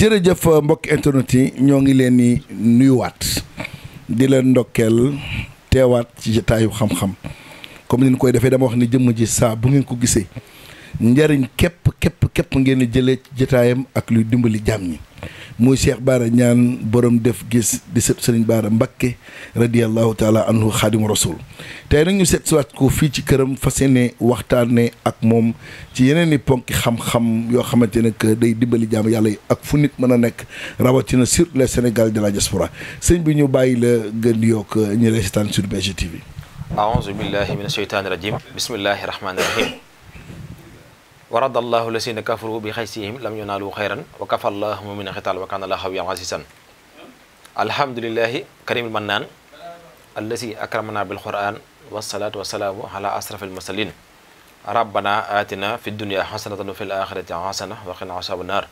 jërëjëf euh, mbokk internet yi ñoo ngi leen ni nuyuwaat di leen ndokkeel teewaat ci jataayu xam-xam comme ni koy defee dama wax ni jëmm ji saa bu ngeen ko gisee njariñ képp képp képp ngeen di jëlee ci jotaayam ak luy dimbali jaam ñi muy Cheikh Baara ñaan borom def gis di sët Serigne Baara Mbakke radiallahu taala anhu xaadimu rasul tey nag ñu seet siwaat ko fii ci këram fas yéene waxtaane ak moom ci yeneen i ponki xam-xam yoo xamante ne que day dimbali jaam yàlla yi ak fu nit mën a nekk rawatina sur le Sénégal de la diaspora sëñ bi ñu bàyyi la gën yokk ñu lay seetaan sur BGTV. aouzu billahi mina sheytaani rajim bismillahi rahmaani rahim wa rada allahu lasina kafaru bi xaysihim lam yunaalu xayran wa kafa allahu mumina xital wa kana la xawiyan asisan alhamdulilahi karimil mannaan allasi akramana bil quran wasalaatu wasalaamu ala asraf almursalin rabbana atina fi dunia xasanatan wa fi l axirati xasana wa qina asabu naar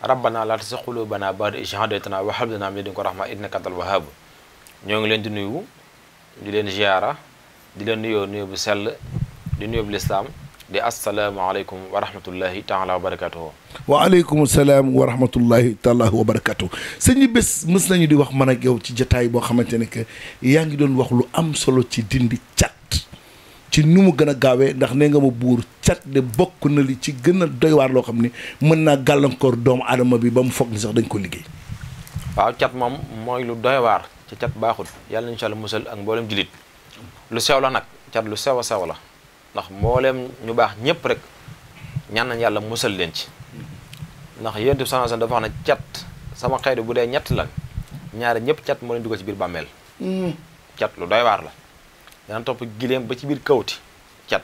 rabbana laa tasi qulubana baada is hadaytana wa hab lana min ladunka rahma innaka antal wahhab ñoo ngi leen di nuyu di leen ziyaara di leen nuyoo nuyoo bu sell di nuyoo bu lislaam di asalaamaaleykum wa rahmatullahi taala wa barakatuhu waaleykum salaam wa rahmatullahi taala wa barakatuhu sëñ bi bés mës nañu di wax man ak yow ci jataay boo xamante ne que yaa ngi doon wax lu am solo ci dindi cat ci nu mu gën a gaawee ndax ne nga ma buur cat de bokk na li ci gën a doy loo xam ni mën naa gàllankoor doomu aadama bi ba mu foog ni sax dañ ko liggéey waaw cat moom mooy lu doy waar ci cat baaxul yàlla insha allah musal ak mboolem jilit lu nag cat lu sew a sew la ndax mbooleem ñu baax ñëpp rek ñaan nañ yàlla musal leen ci ndax yonent bi sallallahu alayhi dafa wax ne cat sama xeet bu dee ñett la ñaare ñëpp cat moo leen dugal ci biir bàmmeel hmm. cat lu doy waar la dana topp gileem ba ci biir kawti cat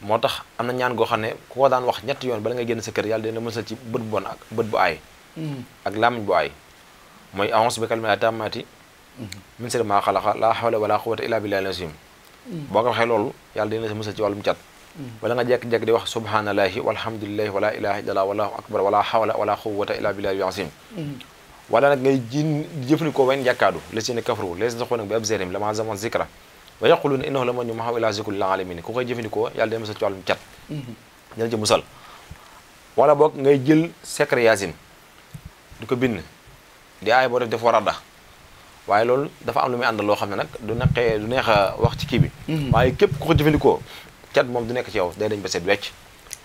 moo tax am na ñaan goo xam ne ku ko daan wax ñetti yoon bala ngay génn sa kër yàlla dina musal ci bët bu bon ak bët bu aay hmm. ak làmmiñ bu aay mooy a'uuzu bi kalimaatin taammaati hmm. min sharri maa xalaqa laa hawla wa laa quwwata illaa boo ko waxee loolu yàlla dina la musal ci wàllum cat wala nga jekk-jekk di wax subhaanallaahi walhamdulilahi wala ilaha illallah wallahu akbar wala hawla wala quwwata illa billahi azim wala nag ngay jin jëfandikoo wen jàkkaadu les yéene kafaru les saxoo nag bi ab zérim lama zaman zikra wa yaquluna innahu la man ñu mahaw ila zikril alamin ku koy jëfandikoo yàlla dina musal ci wàllum cat dina ci musal wala boog ngay jël secret yaasin di ko bind di aay boo def def war waaye loolu dafa am lu muy ànd loo xam ne nag du naqee du neex a wax ci kii bi mhm. waaye képp ku ko jëfandikoo cat moom du nekk ci yow day dañ ba set wecc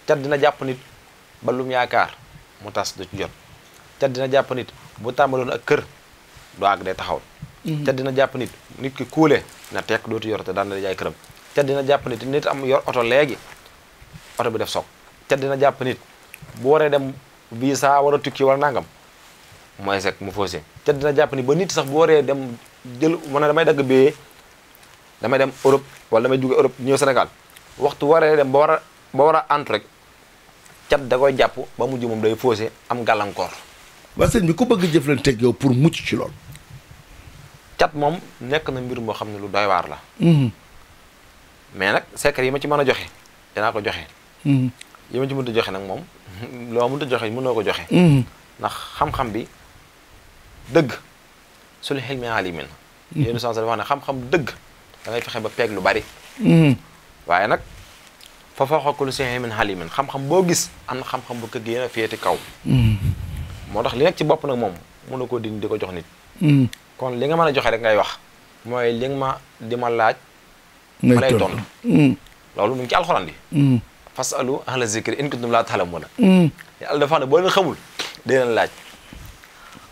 cat dina jàpp nit ba yaakaar mu tas du jot cat dina jàpp nit bu tàmbaloon ak kër du àgg taxaw mhm. cat dina jàpp nit nit ki kuule na tekk dootu yor te daan jaay këram cat dina jàpp nit nit am yor oto léegi oto bi def sook cat dina jàpp nit bu waree dem visa war a tukki wala nangam mu échec mu faussé te dina jàpp ni ba nit sax bu waree dem jël mu damay dagg bee damay dem Europe wala damay jóge Europe ñëw Sénégal waxtu waree dem ba war a a entre rek cat da koy jàpp ba mujj moom day faussé am gàllankoor. waa sëñ bi ku bëgg jëflanteeg yow pour mucc ci lool cat moom nekk na mbir moo xam ne lu doy waar la. Mhm. mais nag secret yi ma ci mën a joxe dinaa ko joxe. Mhm. yi ma ci mënut a joxe nag moom loo mënut a joxe mënoo ko joxe. Mhm. ndax xam dëgg sul xilmi alimin yéen sens dafa ne xam-xam dëgg da ngay fexe ba peeg lu bari mhm. waaye nag fa fooxakulu si xilmin alimin xam-xam boo gis am na xam-xam bu ko gën a féete kaw mhm. moo tax li nekk ci bopp nag moom mën na koo dindi di ko jox nit mhm. li nga mën a joxe rek ngay wax mooy li ma di ma laaj ma lay tontu loolu mu ngi ci alxuraan bi fasalu ahla zikri in kuntum laa ta'lamuuna yàlla dafa ne boo xamul di leen laaj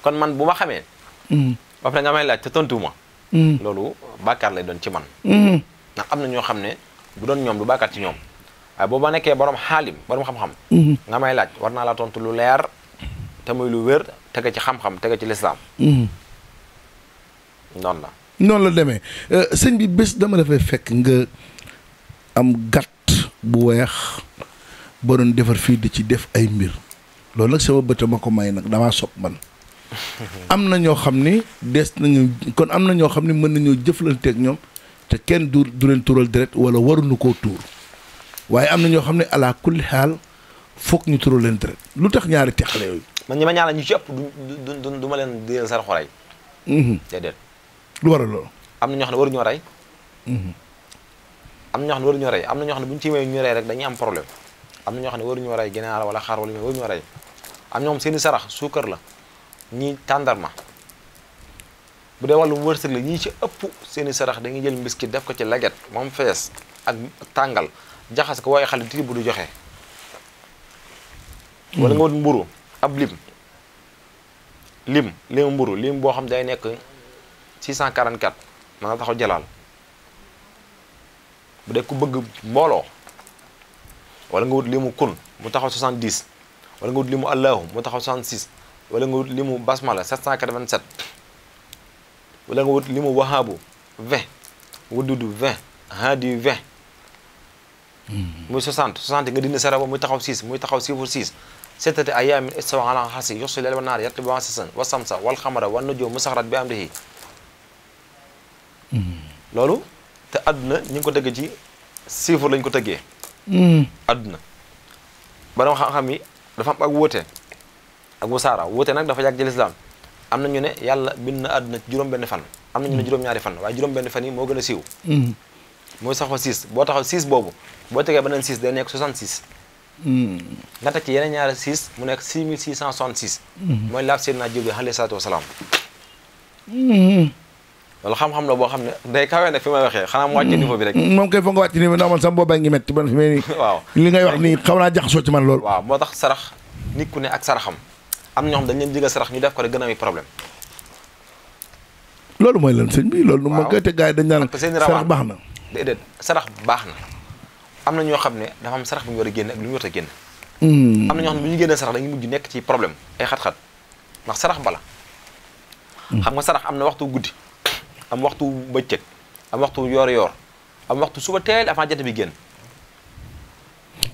kon man bu ma xamee. Mm. ba pare nga may laaj te tontu ma. Mm. loolu bàkkaar lay doon ci man. Mm. ndax am na ñoo xam ne bu doon ñoom lu bàkkaar ci ñoom waaye boo ma nekkee borom xaalim borom xam-xam. Mm-hmm. nga may laaj war naa la tontu lu leer te muy lu wér tege ci xam-xam tege ci lislaam. Mm-hmm. noonu la. noonu la demee euh, sëñ bi bés dama dafay fekk nga am gàtt bu weex ba doon defar fii di ci def ay mbir loolu nag sama bët ma ko may nag damaa sob man. am na ñoo xam ni des nañu kon am na ñoo xam ni mën nañoo jëflanteeg ñoom te kenn du du leen tuural deret wala waruñu ko tuur waaye am na ñoo xam ne ala kulli xaal foog ñu tuural leen deret lu tax ñaari teqale yooyu. man ñi ma ñaanal ñu ci ëpp du du ma leen di sar xoray. Mhm. déedéet. lu waral loolu. Mhm. am na ñoo xam ne waruñoo rey. am na ñoo xam ne na ñoo xam ne bu ñu ci may ñu rey rek dañuy am problème am na ñoo xam ne waruñoo rey ginaar wala xaar wala waruñoo rey am ñoom seen i sarax suukar la. ñii tàndarma bu dee wàllu wërsëg la ñii ci ëpp seeni sarax dañuy jël mbiskit def ko ci laget moom fees ak tàngal jaxas ko waaye xale bu du joxe. wala nga wut mburu ab lim lim lim mburu lim boo xam day nekk 644 mën na taxaw jalaal bu dee ku bëgg mbooloo wala nga wut limu kun mu taxaw 70 wala nga wut limu allahu mu taxaw 66 wala nga wut li mu basmala 787 wala nga wut li mu wahaabu 20 wududu 20 haadi 20 muy 60 60 nga dindi saraba muy taxaw 6 muy taxaw 06 sittati ayaamin istawa ala xasi yosu leel wa naar xam sisan wa samsa wal xamara wa nujum musaxarat bi amrihi hmm. loolu te àdduna ñu ngi ko tëggee ci chiffre lañ ko tëggee àdduna hmm. borom xam-xam yi dafa am ak wóote ak wasaara wuute nag dafa yàgg ci lislaam am na ñu ne yàlla bind na àdduna ci juróom-benn fan am na ñu ne juróom-ñaari fan waaye juróom-benn fan yi moo gën a siiw mm-hmm. mooy saxoo 6 boo taxaw 6 boobu boo tegee beneen 6 nekk 66 mm-hmm. nga teg ci yeneen mu nekk 6666 mm-hmm. mooy laab Seydina Jibril alayhi salaatu wasalaam loolu xam-xam la boo xam ne day kawee nag fi may waxee xanaa mu wàcce niveau bi rek moom kay fa nga wàcce niveau ndax man sama boobaa ngi métti man li ngay wax nii xaw naa jaxasoo ci man loolu waaw moo tax sarax nit ku ne ak saraxam am ñoo dañ leen digal sarax ñu def ko rek gën a mooy lan sëñ bi loolu. nu ma te gars yi dañ naan sarax baax na. déedéet sarax baax na am na ñoo xam ne dafa am sarax bu ñu a génne ak lu ñu war a génne. Hmm. am na ñoo xam ne bu ñu génnee sarax dañuy mujj nekk ci problème ay xat-xat ndax sarax mbala. Hmm. xam nga sarax am na waxtu guddi am waxtu bëccëg am waxtu yoor-yoor am waxtu suba teel dafa jant bi génn.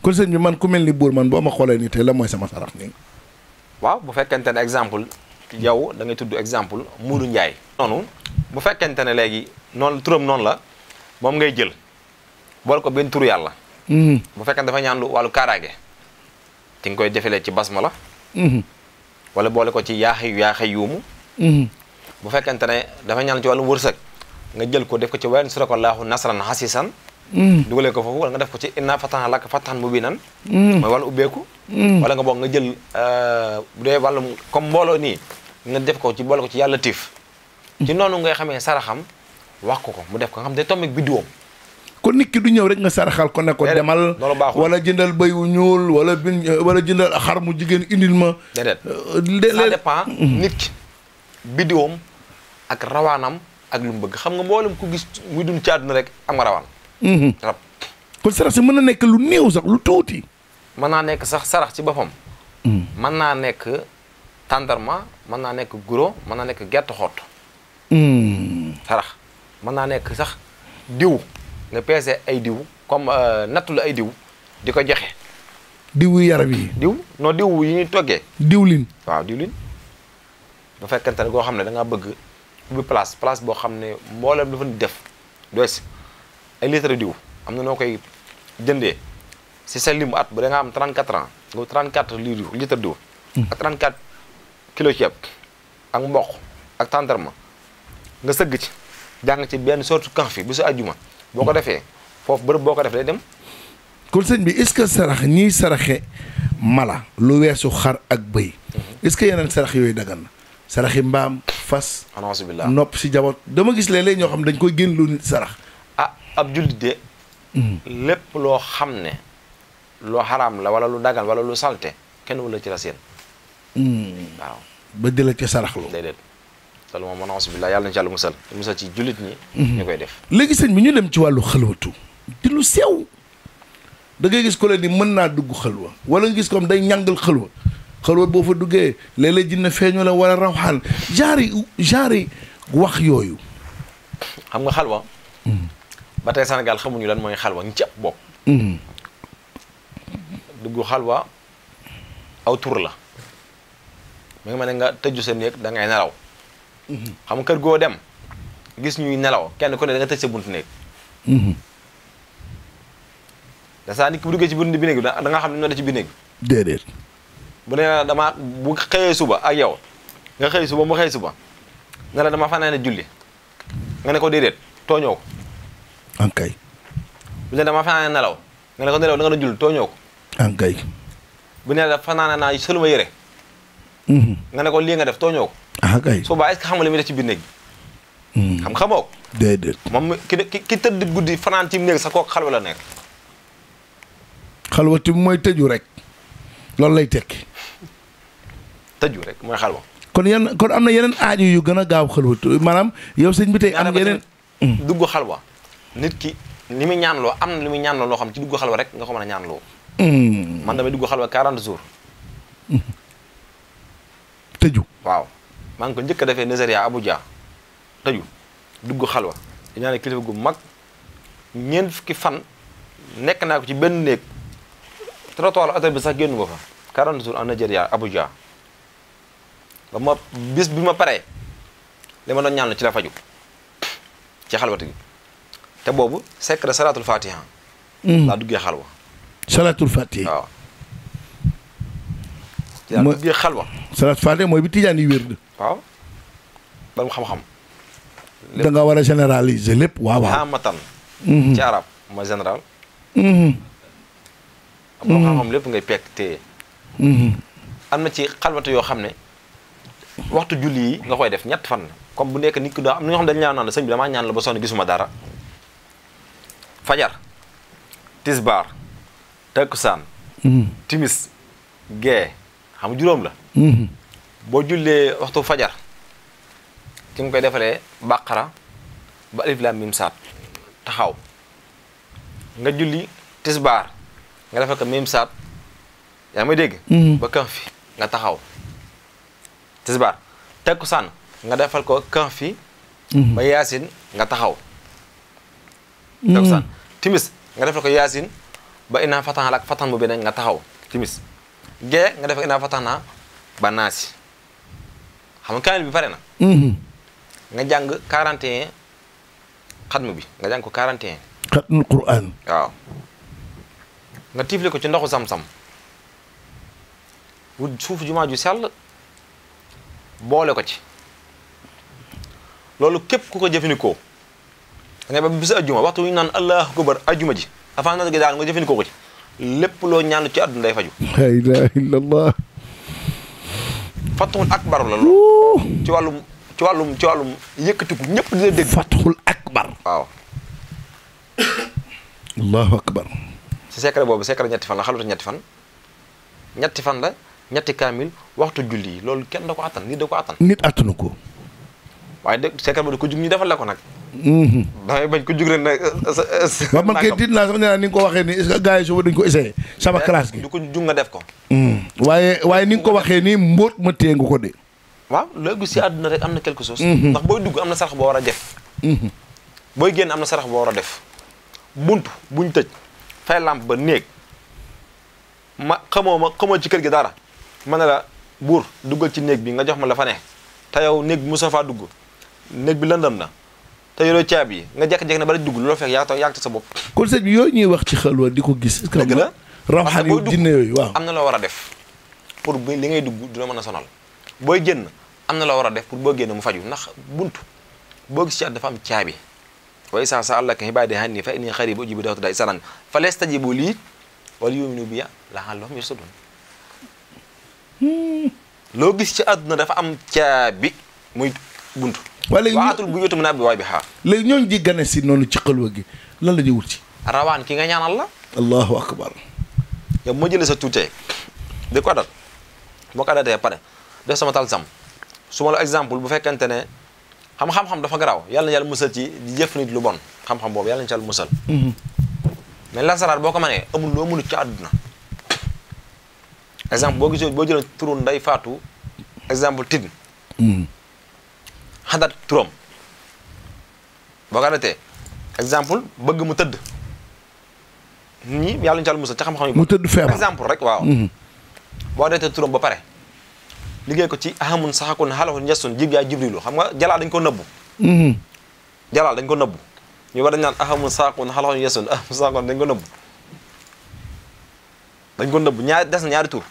kon sëñ bi man ku mel ni buur man boo ma xoolee nii tey la mooy sama sarax nii. waaw bu fekkente ne exemple yow da ngay tudd exemple Moodu Njaay noonu bu fekkente ne léegi noonu turam noonu la moom ngay jël bool ko benn turu yàlla mhm. bu fekkente dafa ñaan lu wàllu kaaraange ti nga koy defalee ci basma la mhm. wala boole ko ci yaaxayu yaaxay yuumu mhm. bu fekkente ne dafa ñaan ci wàllu wërsëg nga jël ko def ko ci wayen sura ko laahu nasran xasisan dugalee ko foofu wala nga def ko ci inna fatahan laka fatahan mubinan mm. mooy wàllu ubbeeku mm. wala nga boog nga jël euh, bu dee wàllum comme mbooloo nii nga def ko ci boole ko ci yàlla tiif mm. ci noonu ngay xamee saraxam wax ko ko mu def ko nga xam te tomeg biddiwoom kon nit du ñëw rek nga saraxal ko ne ko demal wala jëndal béy wu ñuul wala bin wala jëndal xar mu jigéen indil ma déedéet euh, ça dépend nit ki biddiwoom ak rawaanam ak lu mu bëgg xam nga mboolem ku gis muy dund ci àdduna rek am nga rawaan Mhm. rab kon sarax si mën na nekk lu néew sax lu tuuti mën naa nekk sax sarax ci boppam mhm. mën naa nekk tàndarma mën naa nekk guro mën naa nekk gerte xott mhm. sarax mën naa nekk sax diw nga peese ay diw comme euh, nattu la ay diw di ko joxe diw yaram yi diw noo diw yi ñuy toggee diwlin waaw diwlin bu fekkente ne koo xam ne da bëgg ubbi place place boo xam ne mboolem lu fa def doy ay litre diw am na noo koy jëndee si sa limu at bu da nga am 34 ans nga 34 litre diw hmm. ak 34 kilo ceeb ak mboq ak tàndarma nga sëgg ci jàng ci benn sorte kanfi bu su ajjuma boo ko hmm. defee foofu bërëb boo ko def day dem kon sëñ bi est-ce que sarax ñiy saraxe mala lu weesu xar ak bëy hmm. est que yeneen sarax yooyu dagan na saraxi mbaam fas nopp si jaboot dama gis léeg-léeg ñoo xam dañ koy génn lu nit sarax ab jullit de mm. lépp loo xam ne loo xaraam la wala lu dagal wala lu salte kenn wala ci la seen mm. waaw ba di la ci saraxlu déedéet ma moom man auzu yàlla na ci yàlla musal musal ci jullit ñi mm-hmm. koy def léegi sëñ bi ñu dem ci wàllu xalwatu di lu sew da gis ko leen ni mën naa dugg xalwa wala nga gis comme day ñàngal xalwa xalwa boo fa duggee léeg-léeg jinne feeñu la wala rawxaan genre genre wax yooyu xam nga xalwa mm. ba tey Sénégal xamuñu lan mooy xalwa ñu ci ëpp bopp. Mhm. dugg xalwa aw tur la. mu ngi ma ne nga tëju sa néeg da ngay nelaw. Mhm. xam nga kër goo dem gis ñuy nelaw kenn ku ne da nga tëj sa buntu néeg. Mhm. dasaa nit ki bu duggee ci buntu bi néeg da danga xam ne ñoo da ci bi néeg. déedéet. bu ne dama bu xëyee suba ak yow nga xëy suba mu xëy suba ne la dama fanaane julli nga ne ko déedéet tooñoo ankay bu ne dama fanaane nelaw nga ne ko nelaw da nga doon jul tooñoo ko ankay bu ne la fanaane naa sëluma yére mhm. nga ne ko lii nga def tooñoo ko ankay ah, soo baa est-ce xam nga li muy def ci biir néeg bi mhm. xam xamoo ko déedéet ki tëdd guddi fanaan ci néeg sax kooku xalwa la nekk xalwa ti mooy tëju rek loolu lay tekki tëju rek mooy xalwa kon am na yeneen aaju yu gën a gaaw xalwatu maanaam yow sëñ bi tey am yeneen mhm. dugg xalwa nit ki li muy ñaanloo am na li muy ñaanloo loo xam ci dugg xalwa rek nga ko mën a ñaanloo. Hmm. man damay dugg xalwa 40 jours. Hmm. tëju. waaw maa ngi ko njëkk a defee Nigeria Abuja tëju dugg xalwa di ñaan kilifa gu mag ñeent fukki fan nekk naa ko ci benn néeg trottoir hôtel bi sax génn ko fa 40 jours en Nigeria Abuja ba ma bis bi ma paree li ma doon ñaanlu ci la faju ci xalwati te boobu secret salaatul fatiha. Hmm. laa duggee xalwa. salaatul fatiha waaw. yaa mooy bi tijaan yi wér. waaw bala xam-xam. lépp da war a généraliser lépp waaw waaw. xaamatan. Hmm. ci arab mooy général. boroom hmm. lépp ngay pek te am na ci xalwatu yoo xam ne waxtu julli yi nga koy def ñett fan. comme bu nekk nit ki doo am na ñoo xam dañu ñaan naan sëñ bi damaa ñaan la ba sonn gisuma dara. fajar tisbaar takkusaan mm-hmm. timis gee xam juróom la mm-hmm. boo jullee waxtu fajar ki nga koy defalee bàqara ba alif laam mim saat taxaw nga julli tisbaar nga defal ko mim saat yaa ma dégg mm-hmm. ba kan fi nga taxaw tisbaar takkusaan nga defal ko kan fi ba yaasin nga taxaw takkusaan mm. timis nga defal ko yaasin ba innaa fataxna lak fatax mu bi nañ nga taxaw timis nga defal fatax naa ba naasi xam nga kaamil bi pare na mm-hmm. nga jàng 41 xatmu bi nga jàng ko 41 xatmu Qur'an waaw ko ci ndoxu sam-sam wut suuf jumaa ju sell boole ko ci loolu képp ku ko jëfandikoo da ngay ba bisu ajjuma waxtu ñu naan allahu akbar ajjuma ji avant na gi daal nga jëfandikoo ko ci lépp loo ñaanu ci àdduna day faju la ilaha illallah fatxul la wàllum ci wàllum ci wàllum yëkkatiku ñëpp dina dégg fatxul akbar waaw allahu akbar si secret boobu secret ñetti fan la xaluta ñetti fan ñetti fan la ñetti kaamil waxtu julli yi loolu kenn da ko attan nit da ko attan nit attanu ko waaye dëgg secret ba ko jug ñu defal la ko nag damay bañ ku jug rek nag. Euh, euh, waaw man kay tiit naa sax nee naa ni nga ko waxee nii est ce que gars yi dañ ko essayé. sama classe gi du ko jug nga def ko. Hmm. waaye waaye ni nga ko waxee nii mbóot ma téye nga ko de. waaw léegi si àdduna rek am na quelque chose. Hmm. ndax booy dugg am na sarax boo war a def. Hmm. génn am na sarax boo a def. bunt buñ tëj fay làmp ba néeg ma xamoo ma xamoo ci kër gi dara ma ne la buur duggal ci néeg bi nga jox ma la fa ne te yow néeg mu sa faa dugg néeg bi lëndëm na. te yoroo caabi yi nga jekk-jekk ne bala dugg lu la fekk yaa yaa sa bopp kon sëñ bi yooyu ñuy wax ci xalwa di ko gis dëgg la rawxaan yu jinne yooyu waaw na loo war a def pour li ngay dugg du la mën a sonal booy génn am na loo war a def pour boo génn mu faju ndax bunt boo gis ci sa àllaka ibaadi hanni fa inni xarib ujibu dawta daa isanan fa lastajibu lii wala yuminu biya laallahum hmm. gis ci àdduna dafa am caabi muy buntu. waa léegi waatul bu yotu mën a bi waay bi xaar. si noonu ci xalwa gi lan la ñuy wut rawaan ki nga ñaanal la. allahu akbar. yow ma jële sa tuutee di ko dat boo ko datee pare def sama talsam su la exemple bu fekkente ne xam-xam-xam dafa garaaw yàlla na yàlla musal ci di jëf nit lu bon xam-xam boobu yàlla na ci yàlla musal. Mhm. mais lasaraar boo ko mënee amul loo mënut ci àdduna. exemple boo gisee boo jëlee turu nday faatu exemple tid. xandaat turam boo ko arrêté exemple bëgg mu tëdd nit ñi yàlla ñu mu musal ci xam-xam yi mu tëdd feebar exemple rek waaw mhm. boo arrêté turam ba pare liggéey ko ci ahamun saxakun xalaxun njesun jig yaay jibrilu xam nga jalaal dañ ko nëbbu mhm. jalaal dañ ko nëbbu ñu war dañ naan ahamun saxakun xalaxun njesun ahamun saxakun ko nëbbu ñaari des ñaari tur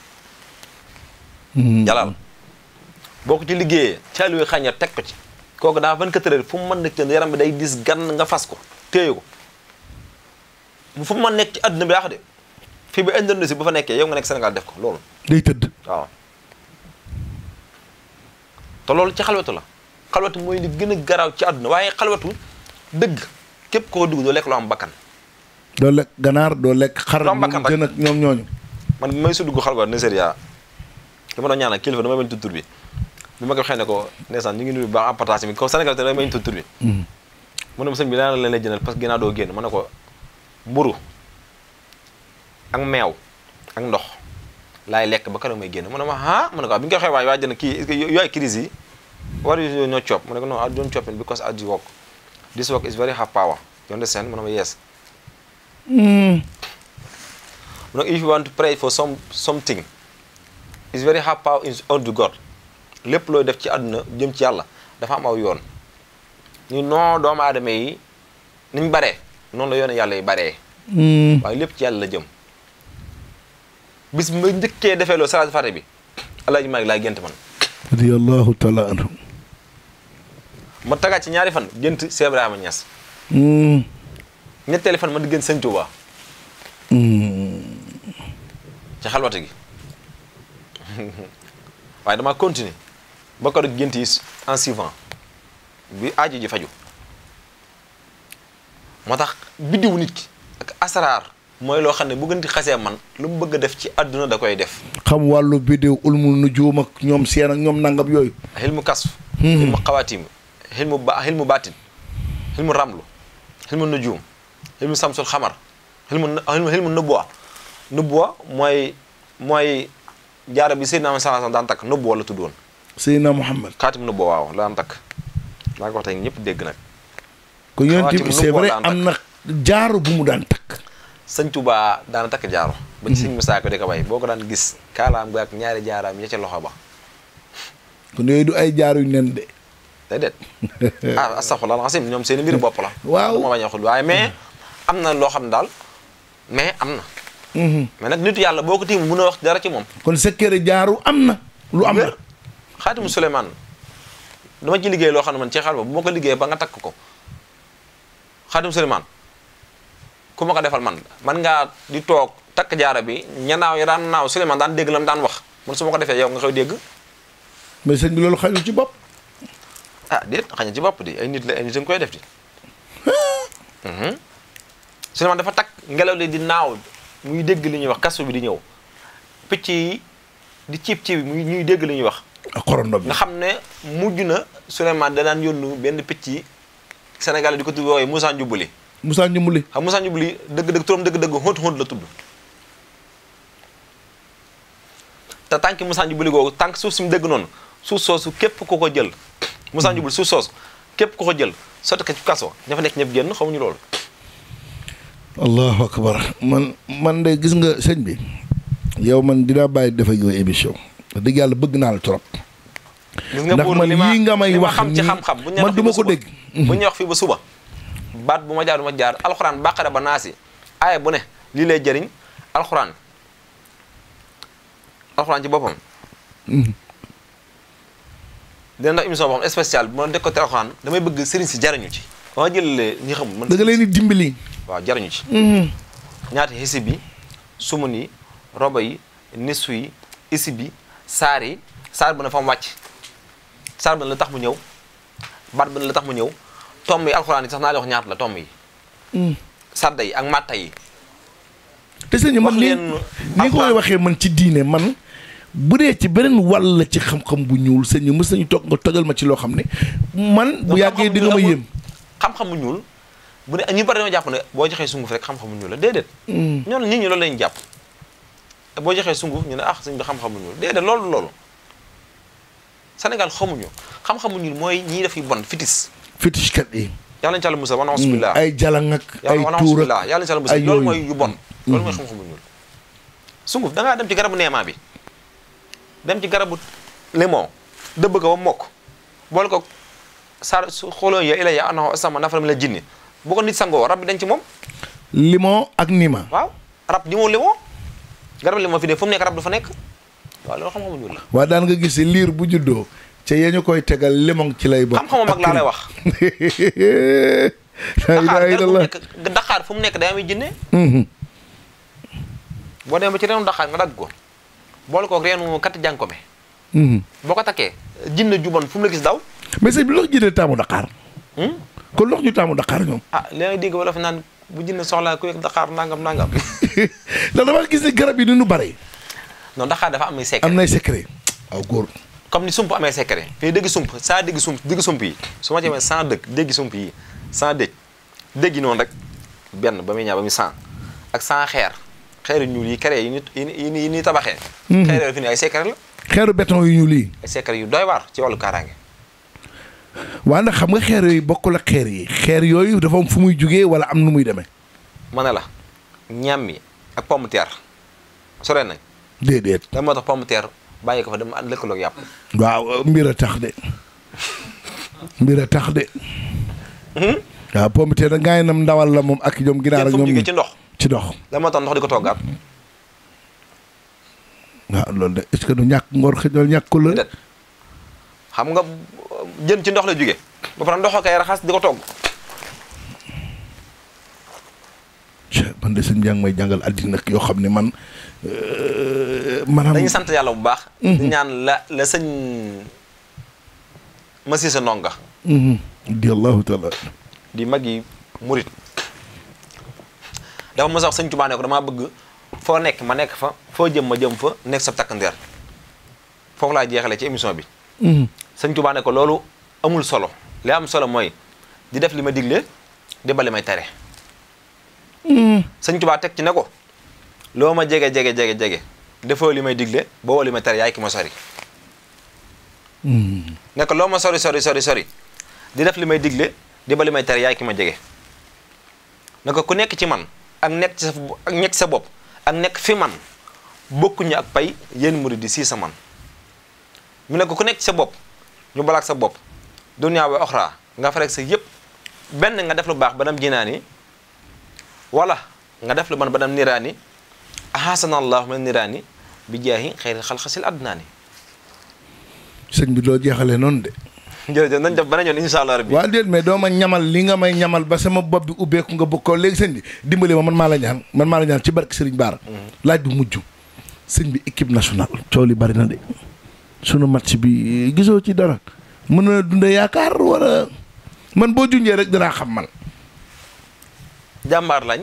mhm. jalaal boo ko ci liggéeye liggéeyee caaluwe xañar teg ko ci kooku daa 24 heures fu mu mën nekk ci yaram bi day dis gan nga fas ko téye ko fu ma nekk ci àdduna bi yaa xam de fii ba Indonésie bu fa nekkee yow nga nekk Sénégal def ko loolu. day tëdd waaw. te loolu ci xalwatu la xalwatu mooy li gën a garaaw ci àdduna waaye xalwatu dëgg képp koo dugg doo lekk loo am bakkan. doo lekk ganaar doo lekk xar. loo am bakkan rek ñoom ñooñu. man bi may su dugg xalwat Nigeria li ma ñaan ñaanal kilifa dama mel ni tur bi. bi ma ko waxee ne ko ndeysaan ñu ngi nuyu baax appartage bi comme Sénégal te may ñu tudd tur bi mu ne ma sëñ bi lan la lay jëndal parce que ginnaaw doo génn ma ne ko mburu ak meew ak ndox laay lekk ba keroog may génn mu ne ma ah mu ne ko ah, bi nga ko waxee waay waa jënd kii est-ce que yooyu crise yi war you no chop mu ne ko non I don't chop because I work this work is very high power you understand mu ne ma yes mm. mu ne if you want to pray for some something it's is only God lépp looy def ci àdduna jëm ci yàlla dafa am aw yoon ni noo doomu aadama yi niñ bare noonu la yoon yàlla yi bare hmm. waaye lépp ci yàlla la jëm bis ma njëkkee defee loo salaatu fàtte bi alaaji maalik laa gént man radiyallahu taala ma tagaat ci ñaari fan gént Cheikh Ibrahima Niass hmm. ñetteeli fan ma di gént Sëñ Tuubaa hmm. ci xalwata gi waaye dama continuer ba ko gént gis en suivant bi aajo faju moo tax biddiwu nit ki ak asaraar mooy loo xam ne bu gën di xasee man lu mu bëgg a def ci àdduna da koy def. xam wàllu biddiw ulmul nujuum ñoom seen ak ñoom nangam yooyu. xilmu kasf. xilmu hmm. xawaatim xilmu ba xilmu baatin xilmu ramlu xilmu nujuum xilmu samsul xamar xilmu xilmu nubuwa nubuwa mooy mooy jaara bi Seydina Muhammad sallallahu daan takk nubuwa la tuddoon Seydina Muhammad xaatim nu boo waaw la daan takk naa ko wax tey ñëpp dégg nag ko yonent bi c'est bu mu daan takk sëñ Tuubaa daana takk jaaro ba ci sëñ Musaa ko di boo ko daan gis kaalaam ga ak ñaari jaaraam ya ca loxo ba kon yu nen de déedéet ah astaghfirullah al-azim ñoom seen bopp la waaw ma a xul am na loo xam ne daal mais am na mhm. mais nag nitu yàlla boo ko tiim mën a wax dara ci moom kon sa kër jaaru am na lu am na xaatimu Suleymaan dama ci liggéey loo xam ne man ci xar bu ma ko liggéey ba nga takk ko xaatimu Suleymaan ku ma ko defal man man ngaa di toog takk jaara bi ñanaaw yi daan naaw Suleymaan daan dégg lam daan wax man su ma ko defee yow nga koy dégg mais sëñ bi loolu xañul ci bopp ah déet xañul ci bopp di ay nit la ay nit nga koy def di mhm. Suleymaan dafa takk ngelaw li di naaw muy dégg li ñuy wax kastu bi di ñëw picc yi di ciib ciib muy ñuy dégg li ñuy wax xorondo bi nga xam ne mujj na Souleymane danaan yónnu benn picc yi Sénégal di ko tudd woowee Moussa Ndioubli. Moussa Ndioubli xam Moussa Ndioubli dëgg-dëgg turam dëgg-dëgg xóot xóot la tudd. te tànki Moussa Ndioubli googu tànk suuf si mu dégg noonu suuf soosu képp ko ko jël. Moussa hmm. Ndioubli suuf képp ko ko jël sotti ka ci kaso ña nekk ñëpp génn xamuñu loolu. allahu akbar man man de gis nga sëñ bi. yow man dinaa bàyyi def ak yow dëgg yàlla bëgg naa la trop. ndax man yii nga may wax nii man du ma ko dégg. bu ñu wax fii ba suba baat bu ma jaar du ma jaar alxuraan bàqara ba naasi aaya bu ne lii lay jariñ alxuraan alxuraan ci boppam. Mm-hmm. dina ndax émission boo xam spéciale bu ma ko alxuraan damay bëgg sëriñ si jariñu ci. waa jëlee ñi xam man da nga leen di jariñu ci. Mm-hmm. ñaata xisib bi sumun yi roba yi nisu yi isib yi saar yi saar bu ne fa mu wàcc saar bu ne la tax mu ñëw baat bu ne la tax mu ñëw tom yi alxuraan yi sax naa leen wax ñaata la tom yi. Hmm. sadda yi ak matta yi. te sëñ man ni ni koy waxee man ci diine man bu dee ci beneen wàll la ci xam bu ñuul sëñ bi mës nañu toog nga tojal ma ci loo xam ne man. bu yàggee di nga ma yéem xam-xam bu ñuul bu ne ñu bari dañoo jàpp ne boo joxee sunguf rek xam-xam bu ñuul la déedéet. Hmm. ñooñu nit ñu loolu lañu jàpp. boo joxee sunguf ñu ne ah suñ bi xam-xamu ñuul déedéet loolu loolu Sénégal xamuñu xam-xamu mooy ñii dafay bon fitis fitis kat yi yàlla na ci àlla musa wana asbillah hmm. ay jalang ak ay tuur ak yàlla na ci mooy yu bon hmm. loolu mooy xam-xamu ñuul sunguf da dem ci garabu neemaa bi ci garabu limon dëbb ko ba mokk boole su xooloon ya ila ya la jinni boo ko nit sangoo rab bi dañ ci moom limon ak nima waaw rab ni limon garab li ma fi dee fu mu nekk rab du fa nekk waa loolu xam-xamu la. waaw daan nga gis liir bu juddoo ca yee ñu koy tegal limon ci lay. bokk xam-xamu mag laa lay wax. alhamdulilah daxaar fu mu nekk day am jinne. Mhm. boo demee ba ci reenu daxaar nga dagg ko boole koog reenu kat jànkome. Mhm. boo ko takkee jinne juban fu mu la gis daw. mais sëñ bi lox jinne taamu daxaar. Hmm? kon lox ñu taamu daxaar ñoom. ah léegi dégg wala fi naan. bu jinne soxlaa ku yëg daxaar nangam nangam. ndax dama gis ne garab yi ni ñu bare. non daxaar dafa am ay secret. am nay secret góor. comme ni sump amee secret. fii dégg sump saa dégg sump dégg sump yi su ma demee sans dëkk dégg sump yi sans dëkk dégg yi noonu rek benn ba muy ñaar ba muy sans ak sans xeer xeeru ñuul yi kere yi ni yi nii tabaxee. Mhm. xeeru fi ne ay secret la. xeeru béton yu ñuul yi. ay secret yu doy waar ci wàllu kaaraange. waa ndax xam nga xeer yooyu bokkul ak xeer yi xeer yooyu dafa am fu muy jugee wala am nu muy demee. ma ne la ñam yi ak pomme de terre soree nañ. déedéet. lan moo tax pomme de bàyyi ko fa dem lëkkaloo ak yàpp. waaw euh, mbir a tax de mbir a tax de. Hmm? waaw pomme de terre nag ngaa nam ndawal la moom ak ñoom ginaar ak ñoom ci ndox ci ndox. lan moo tax ndox di ko toggaat. waaw loolu de est-ce que du ñàkk ngor xëj na la. jën ci ndox la jóge ba pare ndox kay raxas di ko togg. man de sëñ bi may jàngal àddina yoo xam ne man. Euh, maanaam dañuy sant yàlla bu baax. Mhm. ñaan la la sëñ sa ndonga. Mhm. di allahu taala. di mag yi murit dafa mos a sëñ Tuubaa ne ko damaa bëgg foo nekk ma nekk fa foo jëm ma jëm fa nekk sa takkandeer foofu laa jeexale ci émission bi. Mhm. sëñ Tuubaa ne ko loolu amul solo li am solo mooy di def li ma digle di ba li may tare eh. sëñ Tuubaa teg ci ne ko loo ma jege jege jege jege defoo li may digle boo li may ki ma sori. Hmm. ne loo ma sori sori sori sori di def li may digle di ba li may tere yaay ki ma jege. ne ko ku nekk ci man ak nekk ci sa bopp ak nekk fi man bokkuñu ak pay yéen murid di sii sa man mu ne ko ku nekk ci sa bopp. ñu balaak sa bopp dunya wa oxra nga farek sa yëpp benn nga def lu baax ba dam jinaani wala nga def lu man ba dam niraani ahasanallahu min niraani bi jaahi xeyril xalxasil adnaani sëñ bi doo jeexale noonu de jërëjëf nañ def beneen yoon incha allah rabbi waaw déet mais doo ma ñamal li nga may ñamal ba sama bopp bi ubbeeku nga bëgg ko léegi sëñ bi dimbali ma man maa la ñaan man maa la ñaan ci barke Serigne Bara mhm. laaj bu mujj sëñ bi équipe nationale coow li bari na de sunu match bi gisoo ci dara mën na dunda yaakaar wala man boo junjee rek danaa xam man. jàmbaar lañ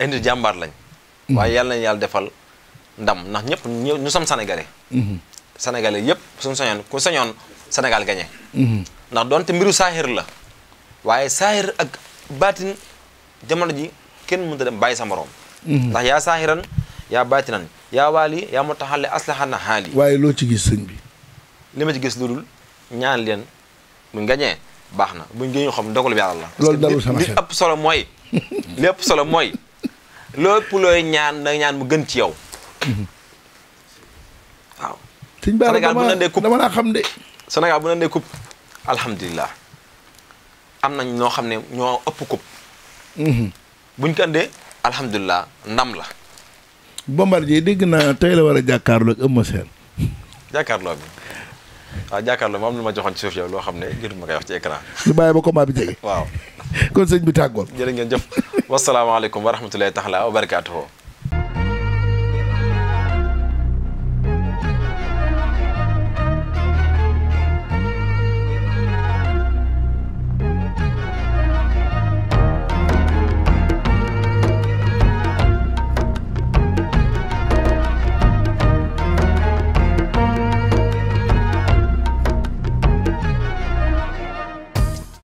indi jàmbaar lañ. Mm-hmm. waaye yàlla na yàlla defal ndam ndax ñëpp ñu ñu sam sénégalais. Mm-hmm. sénégalais yëpp suñu sañoon ku sañoon senegal gagné. Mm-hmm. ndax doonte mbiru saaxir la waaye saaxir ak baatin jamono ji kenn mun mënta dem bàyyi sa morom. ndax yaa saaxiran yaa baatinan yaa waali yaa mutaxalli aslaxana xaali. waaye loo ci gis sëñ bi. li ma ci gis lu ñaan leen mu gañee baax na buñ géñoo xam ndogalu bi yàlla la. loolu dalul sama xel li ëpp solo mooy. li ëpp solo mooy lépp looy ñaan na ñaan mu gën ci yow. waaw. suñ baara dama dama naa xam de. Sénégal bu na nee coupe am nañ ñoo xam ne ñoo ëpp coupe. Mhm. buñ ko andee alhamdulilah ndam la. Bombardier dégg naa tey la war a jàkkaarloo ak Eumeu Sène. bi. waaw jàkkaarloo ma am lu ma joxoon ci suuf yow loo xam ne jëru ma koy wax ci écran ñu bàyyi ba combat bi jege waaw kon sëñ bi tàggoon jërë ngeen jëf wasalaamaaleykum wa rahmatulahi taala wa barakatuhu